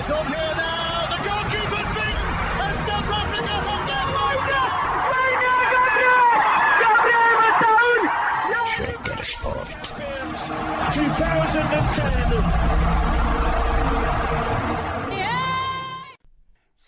is on here.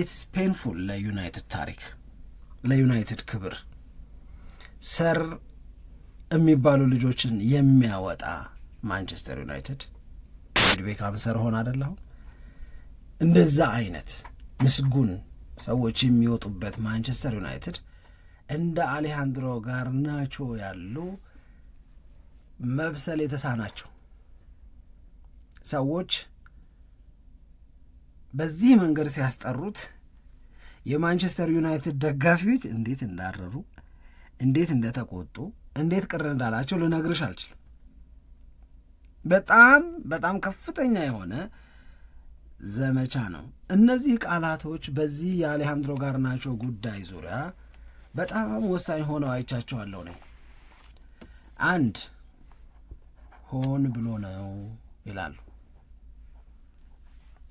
ኢትስ ፔንፉል ለዩናይትድ ታሪክ ለዩናይትድ ክብር ሰር የሚባሉ ልጆችን የሚያወጣ ማንቸስተር ዩናይትድ ዴቪድ ቤካም ሰር ሆን አደለሁ እንደዛ አይነት ምስጉን ሰዎች የሚወጡበት ማንቸስተር ዩናይትድ እንደ አሌሃንድሮ ጋርናቾ ያሉ መብሰል የተሳናቸው ሰዎች በዚህ መንገድ ሲያስጠሩት የማንቸስተር ዩናይትድ ደጋፊዎች እንዴት እንዳረሩ እንዴት እንደተቆጡ እንዴት ቅር እንዳላቸው ልነግርሽ አልችልም። በጣም በጣም ከፍተኛ የሆነ ዘመቻ ነው። እነዚህ ቃላቶች በዚህ የአሌሃንድሮ ጋርናቾ ጉዳይ ዙሪያ በጣም ወሳኝ ሆነው አይቻቸዋለሁ ነው። አንድ ሆን ብሎ ነው ይላሉ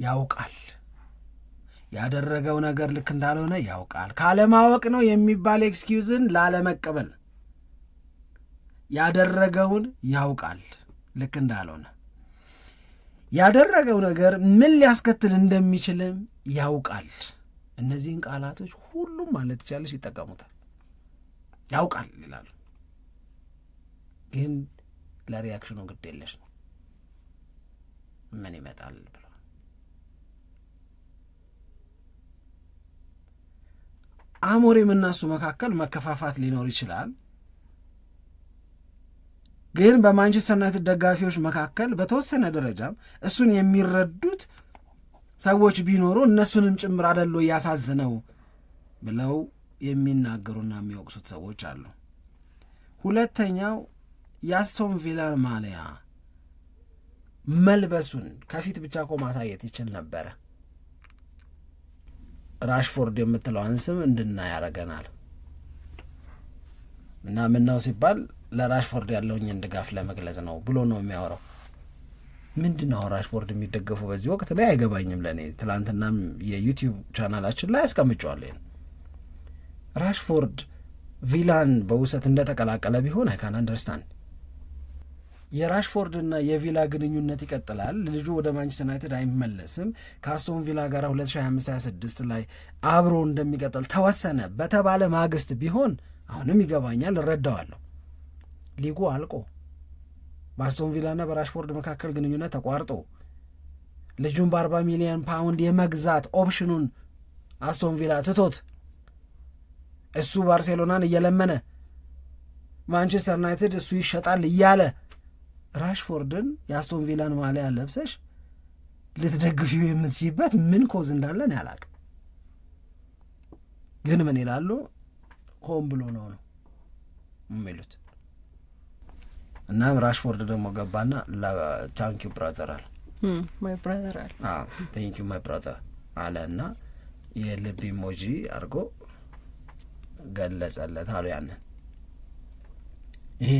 ያውቃል ያደረገው ነገር ልክ እንዳልሆነ ያውቃል። ካለማወቅ ነው የሚባል ኤክስኪውዝን ላለመቀበል ያደረገውን ያውቃል ልክ እንዳልሆነ ያደረገው ነገር ምን ሊያስከትል እንደሚችልም ያውቃል። እነዚህን ቃላቶች ሁሉም ማለት ይቻለች ይጠቀሙታል። ያውቃል ይላሉ፣ ግን ለሪያክሽኑ ግድ የለሽ ነው ምን ይመጣል ብሎ አሞሪም እና እሱ መካከል መከፋፋት ሊኖር ይችላል፣ ግን በማንቸስተር ዩናይትድ ደጋፊዎች መካከል በተወሰነ ደረጃም እሱን የሚረዱት ሰዎች ቢኖሩ እነሱንም ጭምር አደሎ እያሳዝነው ብለው የሚናገሩና የሚወቅሱት ሰዎች አሉ። ሁለተኛው የአስቶን ቪላ ማሊያ መልበሱን ከፊት ብቻ እኮ ማሳየት ይችል ነበረ። ራሽፎርድ የምትለዋን ስም እንድና ያደርገናል እና ምን ነው ሲባል ለራሽፎርድ ያለውኝን ድጋፍ ለመግለጽ ነው ብሎ ነው የሚያወራው። ምንድን ነው ራሽፎርድ የሚደገፉ በዚህ ወቅት ላይ አይገባኝም። ለእኔ ትላንትናም የዩቲዩብ ቻናላችን ላይ አስቀምጨዋለሁ። ራሽፎርድ ቪላን በውሰት እንደተቀላቀለ ቢሆን አይካን አንደርስታንድ የራሽፎርድ እና የቪላ ግንኙነት ይቀጥላል። ልጁ ወደ ማንቸስተር ዩናይትድ አይመለስም። ከአስቶን ቪላ ጋር 2526 ላይ አብሮ እንደሚቀጥል ተወሰነ በተባለ ማግስት ቢሆን አሁንም ይገባኛል፣ እረዳዋለሁ። ሊጉ አልቆ በአስቶን ቪላና በራሽፎርድ መካከል ግንኙነት ተቋርጦ ልጁን በአርባ ሚሊዮን ፓውንድ የመግዛት ኦፕሽኑን አስቶን ቪላ ትቶት እሱ ባርሴሎናን እየለመነ ማንቸስተር ዩናይትድ እሱ ይሸጣል እያለ ራሽፎርድን የአስቶን ቪላን ማሊያ ለብሰሽ ልትደግፊው የምትችይበት ምን ኮዝ እንዳለን ያላቅ ግን ምን ይላሉ ሆን ብሎ ነው ነው የሚሉት። እናም ራሽፎርድ ደግሞ ገባና ታንኪ ብራዘር አለ ማይ ታንኪዩ ማይ ብራዘር አለ እና የልብ ኢሞጂ አድርጎ ገለጸለት አሉ። ያንን ይሄ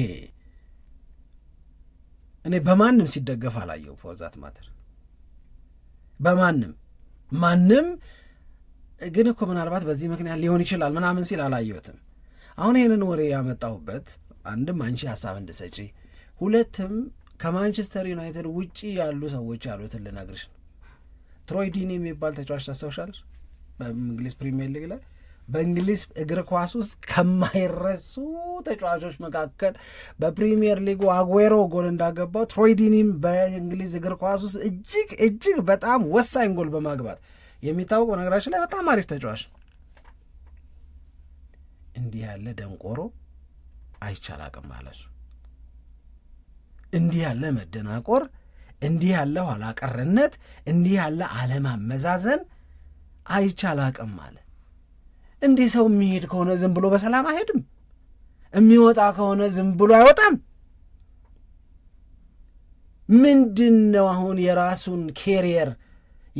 እኔ በማንም ሲደገፍ አላየው ፎርዛት ማተር በማንም ማንም ግን እኮ ምናልባት በዚህ ምክንያት ሊሆን ይችላል ምናምን ሲል አላየሁትም። አሁን ይህንን ወሬ ያመጣሁበት አንድም አንቺ ሀሳብ እንድሰጪ፣ ሁለትም ከማንቸስተር ዩናይትድ ውጪ ያሉ ሰዎች ያሉትን ልነግርሽ ነው። ትሮይ ዲኒ የሚባል ተጫዋች ታስታውሻለሽ? በእንግሊዝ ፕሪሚየር ሊግ ላይ በእንግሊዝ እግር ኳስ ውስጥ ከማይረሱ ተጫዋቾች መካከል በፕሪሚየር ሊጉ አጉዌሮ ጎል እንዳገባው ትሮይዲኒም በእንግሊዝ እግር ኳስ ውስጥ እጅግ እጅግ በጣም ወሳኝ ጎል በማግባት የሚታወቅ ነገራችን ላይ በጣም አሪፍ ተጫዋች ነው። እንዲህ ያለ ደንቆሮ አይቻል አቅም ማለሱ እንዲህ ያለ መደናቆር፣ እንዲህ ያለ ኋላቀርነት፣ እንዲህ ያለ አለማመዛዘን አይቻል አቅም ማለት እንዲህ ሰው የሚሄድ ከሆነ ዝም ብሎ በሰላም አይሄድም። የሚወጣ ከሆነ ዝም ብሎ አይወጣም። ምንድን ነው አሁን የራሱን ኬሪየር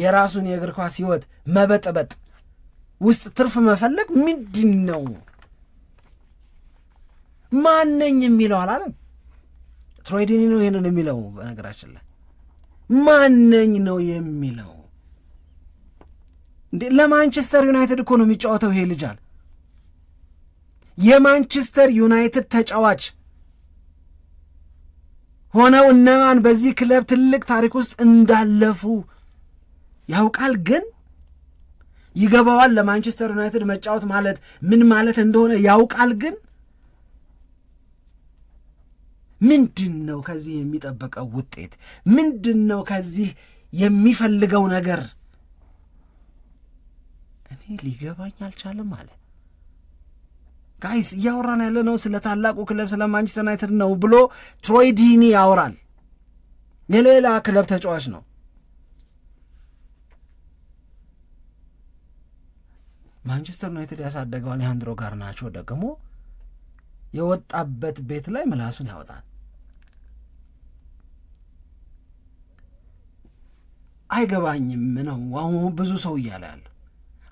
የራሱን የእግር ኳስ ህይወት መበጥበጥ ውስጥ ትርፍ መፈለግ ምንድን ነው? ማነኝ የሚለው አላለም። ትሮይዲኒ ነው ይህንን የሚለው በነገራችን ላይ ማነኝ ነው የሚለው እንዴ ለማንቸስተር ዩናይትድ እኮ ነው የሚጫወተው ይሄ ልጃል የማንቸስተር ዩናይትድ ተጫዋች ሆነው እነማን በዚህ ክለብ ትልቅ ታሪክ ውስጥ እንዳለፉ ያውቃል። ግን ይገባዋል፣ ለማንቸስተር ዩናይትድ መጫወት ማለት ምን ማለት እንደሆነ ያውቃል። ግን ምንድን ነው ከዚህ የሚጠበቀው ውጤት? ምንድን ነው ከዚህ የሚፈልገው ነገር? ሊገባኝ አልቻለም አለ። ጋይስ እያወራን ያለ ነው ስለ ታላቁ ክለብ ስለ ማንቸስተር ዩናይትድ ነው ብሎ ትሮይ ዲኒ ያወራል። የሌላ ክለብ ተጫዋች ነው። ማንቸስተር ዩናይትድ ያሳደገው አሌሃንድሮ ጋርናቾ ደግሞ የወጣበት ቤት ላይ ምላሱን ያወጣል። አይገባኝም ነው አሁን ብዙ ሰው እያለ ያለው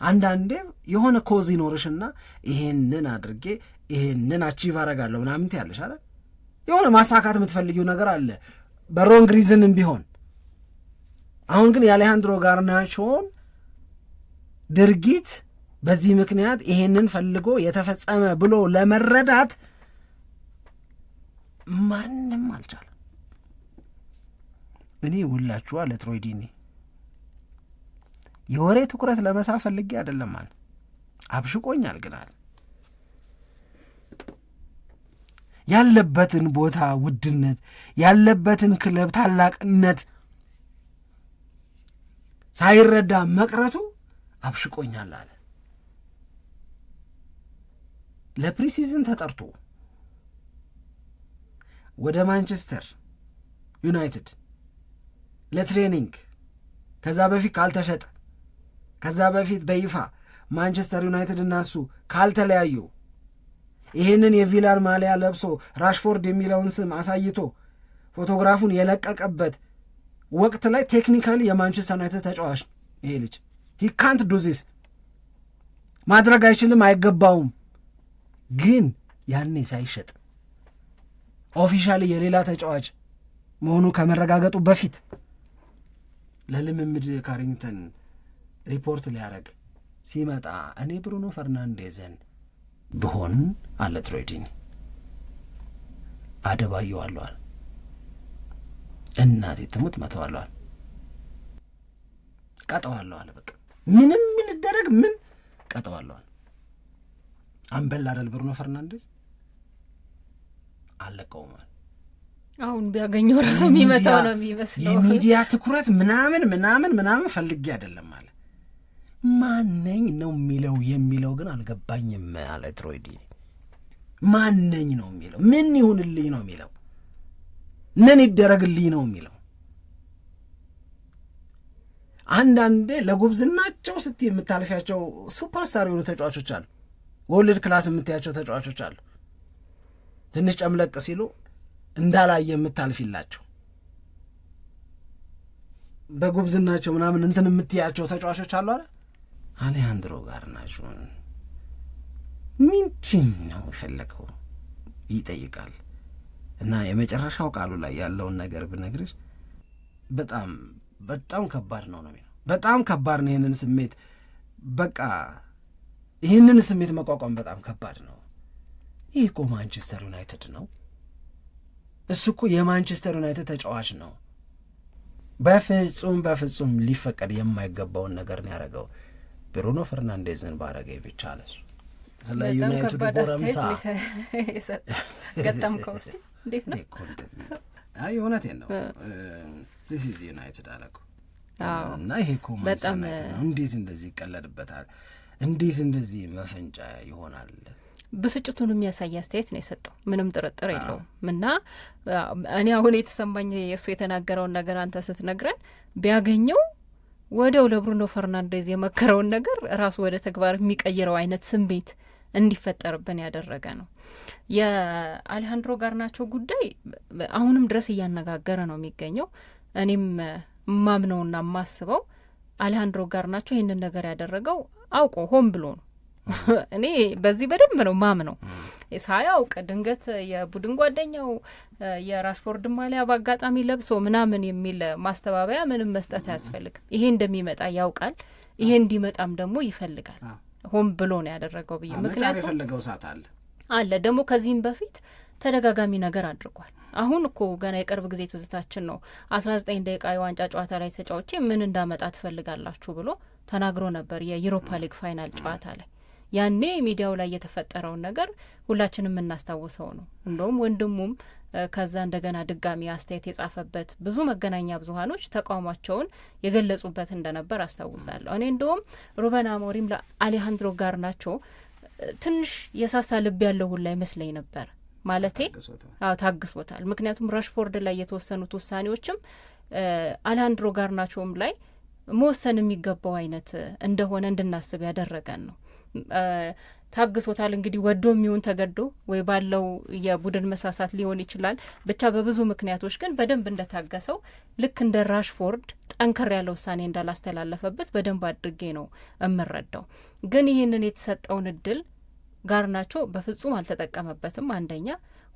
አንዳንዴ የሆነ ኮዝ ይኖርሽና ይሄንን አድርጌ ይሄንን አቺቭ አረጋለሁ ምናምን ትያለሽ አለ የሆነ ማሳካት የምትፈልጊው ነገር አለ በሮንግ ሪዝንም ቢሆን። አሁን ግን የአሌሃንድሮ ጋርናቾን ድርጊት በዚህ ምክንያት ይሄንን ፈልጎ የተፈጸመ ብሎ ለመረዳት ማንም አልቻለም። እኔ ውላችኋ ለትሮይዲኒ የወሬ ትኩረት ለመሳብ ፈልጌ አይደለም አለ። አብሽቆኛል ግን አለ ያለበትን ቦታ ውድነት፣ ያለበትን ክለብ ታላቅነት ሳይረዳ መቅረቱ አብሽቆኛል አለ። ለፕሪሲዝን ተጠርቶ ወደ ማንቸስተር ዩናይትድ ለትሬኒንግ ከዛ በፊት ካልተሸጠ ከዛ በፊት በይፋ ማንቸስተር ዩናይትድ እናሱ ካልተለያዩ ይህንን የቪላን ማሊያ ለብሶ ራሽፎርድ የሚለውን ስም አሳይቶ ፎቶግራፉን የለቀቀበት ወቅት ላይ ቴክኒካሊ የማንቸስተር ዩናይትድ ተጫዋች ይሄ ልጅ። ሂ ካንት ዱዚስ ማድረግ አይችልም፣ አይገባውም። ግን ያኔ ሳይሸጥ ኦፊሻሊ የሌላ ተጫዋች መሆኑ ከመረጋገጡ በፊት ለልምምድ ካሪንግተን ሪፖርት ሊያደርግ ሲመጣ እኔ ብሩኖ ፈርናንዴዝን ብሆን አለ ትሬዲኝ አደባየዋለዋል። እናቴ ትሙት መተዋለዋል፣ ቀጠዋለዋል። በቃ ምንም ምን ደረግ ምን ቀጠዋለዋል። አንበል አደል ብሩኖ ፈርናንዴዝ አለቀውማል። አሁን ቢያገኘው ራሱ የሚመታው ነው የሚመስለው። የሚዲያ ትኩረት ምናምን ምናምን ምናምን ፈልጌ አይደለም አለ ማነኝ ነው የሚለው የሚለው ግን አልገባኝም አለ ትሮይዲ። ማነኝ ነው የሚለው ምን ይሁንልኝ ነው የሚለው ምን ይደረግልኝ ነው የሚለው አንዳንዴ ለጉብዝናቸው ስትይ የምታለፊያቸው ሱፐርስታር የሆኑ ተጫዋቾች አሉ። ወርልድ ክላስ የምታያቸው ተጫዋቾች አሉ። ትንሽ ጨምለቅ ሲሉ እንዳላየ የምታልፊላቸው በጉብዝናቸው ምናምን እንትን የምትያቸው ተጫዋቾች አሉ አለ አሌሃንድሮ ጋርናቾን ምንድን ነው የፈለገው ይጠይቃል። እና የመጨረሻው ቃሉ ላይ ያለውን ነገር ብነግርሽ በጣም በጣም ከባድ ነው ነው በጣም ከባድ ነው። ይህንን ስሜት በቃ ይህንን ስሜት መቋቋም በጣም ከባድ ነው። ይህ እኮ ማንቸስተር ዩናይትድ ነው። እሱ እኮ የማንቸስተር ዩናይትድ ተጫዋች ነው። በፍጹም በፍጹም ሊፈቀድ የማይገባውን ነገር ነው ያደረገው። ብሩኖ ፈርናንዴዝን ባረገ ብቻ ለሱ ስለ ዩናይትድ ጎረምሳ ገጠምከው እስኪ እንዴት ነው? እውነቴን ነው። ዚስ ኢዝ ዩናይትድ አለኩ እና ይሄ እኮ ነው እንዴት እንደዚህ ይቀለድበታል? እንዴት እንደዚህ መፈንጫ ይሆናል? ብስጭቱን የሚያሳይ አስተያየት ነው የሰጠው። ምንም ጥርጥር የለውም። እና እኔ አሁን የተሰማኝ እሱ የተናገረውን ነገር አንተ ስትነግረን ቢያገኘው ወዲያው ለብሩኖ ፈርናንዴዝ የመከረውን ነገር ራሱ ወደ ተግባር የሚቀይረው አይነት ስሜት እንዲፈጠርብን ያደረገ ነው። የአሌሃንድሮ ጋርናቾ ጉዳይ አሁንም ድረስ እያነጋገረ ነው የሚገኘው። እኔም ማምነውና ማስበው አሌሃንድሮ ጋርናቾ ይህንን ነገር ያደረገው አውቆ ሆን ብሎ ነው። እኔ በዚህ በደንብ ነው ማም ነው ሳያውቅ ድንገት የቡድን ጓደኛው የራሽፎርድ ማሊያ በአጋጣሚ ለብሶ ምናምን የሚል ማስተባበያ ምንም መስጠት አያስፈልግም። ይሄ እንደሚመጣ ያውቃል። ይሄ እንዲመጣም ደግሞ ይፈልጋል። ሆን ብሎ ነው ያደረገው ብዬ ምክንያቱም የፈለገው ሰዓት አለ አለ ደግሞ ከዚህም በፊት ተደጋጋሚ ነገር አድርጓል። አሁን እኮ ገና የቅርብ ጊዜ ትዝታችን ነው። አስራ ዘጠኝ ደቂቃ የዋንጫ ጨዋታ ላይ ተጫውቼ ምን እንዳመጣ ትፈልጋላችሁ ብሎ ተናግሮ ነበር የዩሮፓ ሊግ ፋይናል ጨዋታ ላይ ያኔ ሚዲያው ላይ የተፈጠረውን ነገር ሁላችንም የምናስታውሰው ነው። እንደውም ወንድሙም ከዛ እንደገና ድጋሚ አስተያየት የጻፈበት ብዙ መገናኛ ብዙሀኖች ተቃውሟቸውን የገለጹበት እንደነበር አስታውሳለሁ። እኔ እንደውም ሩበን አሞሪም ለአሌሃንድሮ ጋር ናቸው ትንሽ የሳሳ ልብ ያለው ሁላ ይመስለኝ ነበር። ማለቴ አዎ ታግሶታል። ምክንያቱም ራሽፎርድ ላይ የተወሰኑት ውሳኔዎችም አሌሃንድሮ ጋር ናቸውም ላይ መወሰን የሚገባው አይነት እንደሆነ እንድናስብ ያደረገን ነው። ታግሶታል። እንግዲህ ወዶ የሚሆን ተገዶ ወይ ባለው የቡድን መሳሳት ሊሆን ይችላል። ብቻ በብዙ ምክንያቶች ግን በደንብ እንደታገሰው ልክ እንደ ራሽፎርድ ጠንከር ያለ ውሳኔ እንዳላስተላለፈበት በደንብ አድርጌ ነው የምረዳው። ግን ይህንን የተሰጠውን እድል ጋርናቾ በፍጹም አልተጠቀመበትም። አንደኛ፣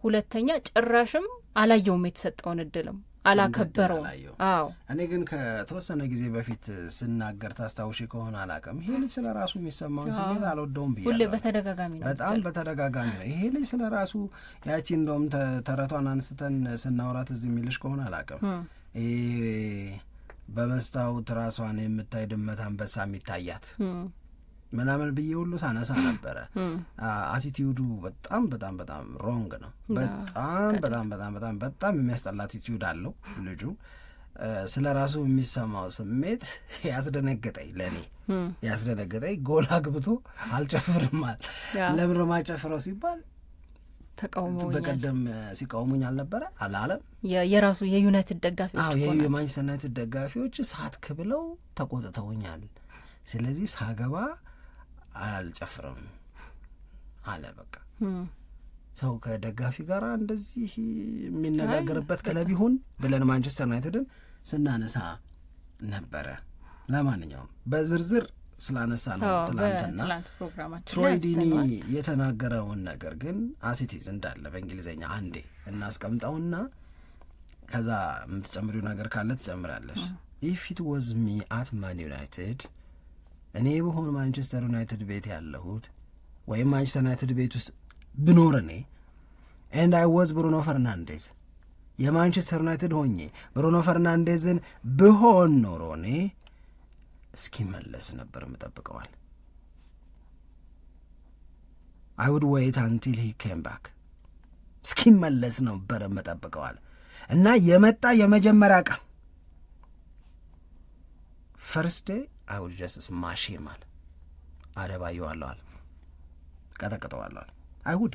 ሁለተኛ ጭራሽም አላየውም የተሰጠውን እድልም አላከበረውም። አዎ እኔ ግን ከተወሰነ ጊዜ በፊት ስናገር ታስታውሽ ከሆነ አላውቅም፣ ይሄ ልጅ ስለ ራሱ የሚሰማውን ስሜት አልወደውም ብዬ ሁሌ በተደጋጋሚ ነው፣ በጣም በተደጋጋሚ ነው። ይሄ ልጅ ስለ ራሱ ያቺ እንደውም ተረቷን አንስተን ስናውራት እዚህ የሚልሽ ከሆነ አላውቅም፣ በመስታወት ራሷን የምታይ ድመት አንበሳ የሚታያት ምናምን ብዬ ሁሉ ሳነሳ ነበረ። አቲቲዩዱ በጣም በጣም በጣም ሮንግ ነው። በጣም በጣም በጣም በጣም በጣም የሚያስጠላ አቲቲዩድ አለው ልጁ። ስለ ራሱ የሚሰማው ስሜት ያስደነገጠኝ፣ ለእኔ ያስደነገጠኝ ጎል አግብቶ አልጨፍርማል። ለምን ማጨፍረው ሲባል በቀደም ሲቃውሙኝ አልነበረ አላለም። የራሱ የዩናይትድ ደጋፊዎች የማንቸስተር ዩናይትድ ደጋፊዎች ሳትክ ብለው ተቆጥተውኛል። ስለዚህ ሳገባ አልጨፍርም አለ። በቃ ሰው ከደጋፊ ጋር እንደዚህ የሚነጋገርበት ክለብ ይሁን ብለን ማንቸስተር ዩናይትድን ስናነሳ ነበረ። ለማንኛውም በዝርዝር ስላነሳ ነው ትላንትና ትሮይዲኒ የተናገረውን ነገር ግን አሲቲዝ እንዳለ በእንግሊዝኛ አንዴ እናስቀምጠውና ከዛ የምትጨምሪው ነገር ካለ ትጨምራለሽ ኢፍ ኢት ዋዝ ሚ አት ማን ዩናይትድ እኔ በሆኑ ማንቸስተር ዩናይትድ ቤት ያለሁት ወይም ማንቸስተር ዩናይትድ ቤት ውስጥ ብኖር እኔ ኤንድ አይ ወዝ ብሩኖ ፈርናንዴዝ የማንቸስተር ዩናይትድ ሆኜ ብሩኖ ፈርናንዴዝን ብሆን ኖሮ እኔ እስኪመለስ ነበር ምጠብቀዋል። አይ ውድ ወይት አንቲል ሂ ኬም ባክ እስኪመለስ ነበር ምጠብቀዋል እና የመጣ የመጀመሪያ ቀን ፈርስት ዴይ አይ ውድ ጀስት ስማሽ ማል አደባየዋለዋል፣ ቀጠቅጠዋለዋል። አይሁድ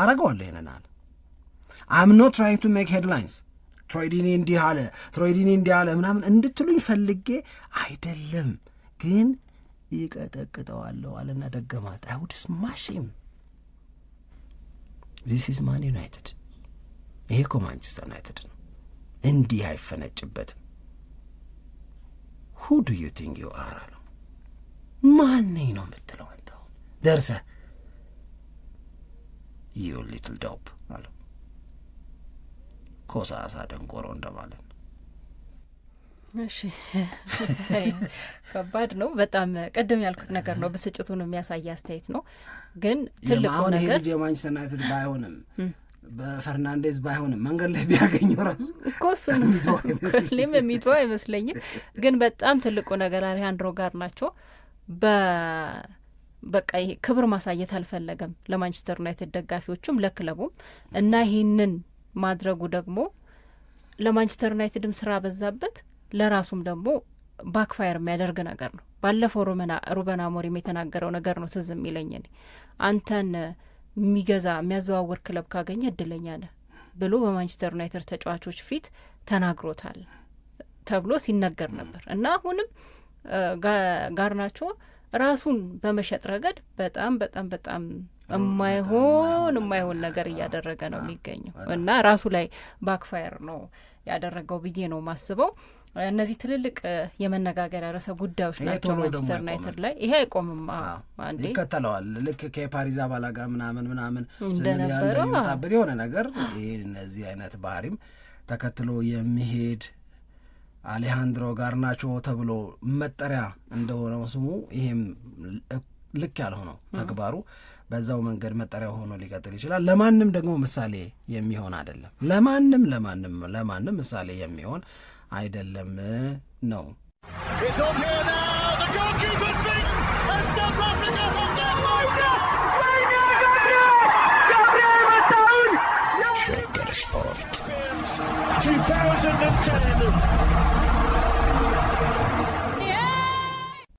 አረገዋለሁ ይሄንን አለ። አም ኖት ትራይንግ ቱ ሜክ ሄድላይንስ ትሮይዲኒ እንዲህ አለ ትሮይዲኒ እንዲህ አለ ምናምን እንድትሉኝ ፈልጌ አይደለም፣ ግን ይቀጠቅጠዋለሁ አለና ደገማት። አይሁድ ስማሽም ዚስ ኢዝ ማን ዩናይትድ። ይሄ እኮ ማንቸስተር ዩናይትድ ነው። እንዲህ አይፈነጭበትም። ሁ ዱ ዩ ቲንክ ዩ አር አለው። ማነኝ ነው የምትለው አንተ? አሁን ደርሰህ ዩ ሊትል ዶፕ አለው። ኮሳሳ ደንቆሮ እንደማለት ነው። እሺ ከባድ ነው በጣም ቅድም ያልኩት ነገር ነው። ብስጭቱን የሚያሳይ አስተያየት ነው። ግን ትልቁ ነገር የማንቸስተር ዩናይትድ ባይሆንም በፈርናንዴዝ ባይሆንም መንገድ ላይ ቢያገኘው ራሱ እኮ እሱም የሚተው አይመስለኝም። ግን በጣም ትልቁ ነገር አሌሃንድሮ ጋር ናቸው በ በቃ ይሄ ክብር ማሳየት አልፈለገም ለማንቸስተር ዩናይትድ ደጋፊዎቹም ለክለቡም እና ይህንን ማድረጉ ደግሞ ለማንቸስተር ዩናይትድም ስራ በዛበት ለራሱም ደግሞ ባክፋየር የሚያደርግ ነገር ነው። ባለፈው ሩበን አሞሪም የተናገረው ነገር ነው ትዝ የሚለኝ እኔ አንተን የሚገዛ የሚያዘዋውር ክለብ ካገኘ እድለኛ ነህ ብሎ በማንቸስተር ዩናይትድ ተጫዋቾች ፊት ተናግሮታል ተብሎ ሲነገር ነበር እና አሁንም ጋርናቾ ራሱን በመሸጥ ረገድ በጣም በጣም በጣም የማይሆን የማይሆን ነገር እያደረገ ነው የሚገኘው እና ራሱ ላይ ባክፋየር ነው ያደረገው ብዬ ነው ማስበው። እነዚህ ትልልቅ የመነጋገሪያ ርዕሰ ጉዳዮች ናቸው። ማንቸስተር ዩናይትድ ላይ ይሄ አይቆምም፣ ይከተለዋል። ልክ ከፓሪዝ አባላ ጋር ምናምን ምናምን ስንያበት የሆነ ነገር ይህ እነዚህ አይነት ባህሪም ተከትሎ የሚሄድ አሌሃንድሮ ጋርናቾ ተብሎ መጠሪያ እንደሆነው ስሙ ይሄም ልክ ያልሆነው ተግባሩ በዛው መንገድ መጠሪያ ሆኖ ሊቀጥል ይችላል። ለማንም ደግሞ ምሳሌ የሚሆን አይደለም። ለማንም ለማንም ለማንም ምሳሌ የሚሆን አይደለም ነው። ሸገር ስፖርት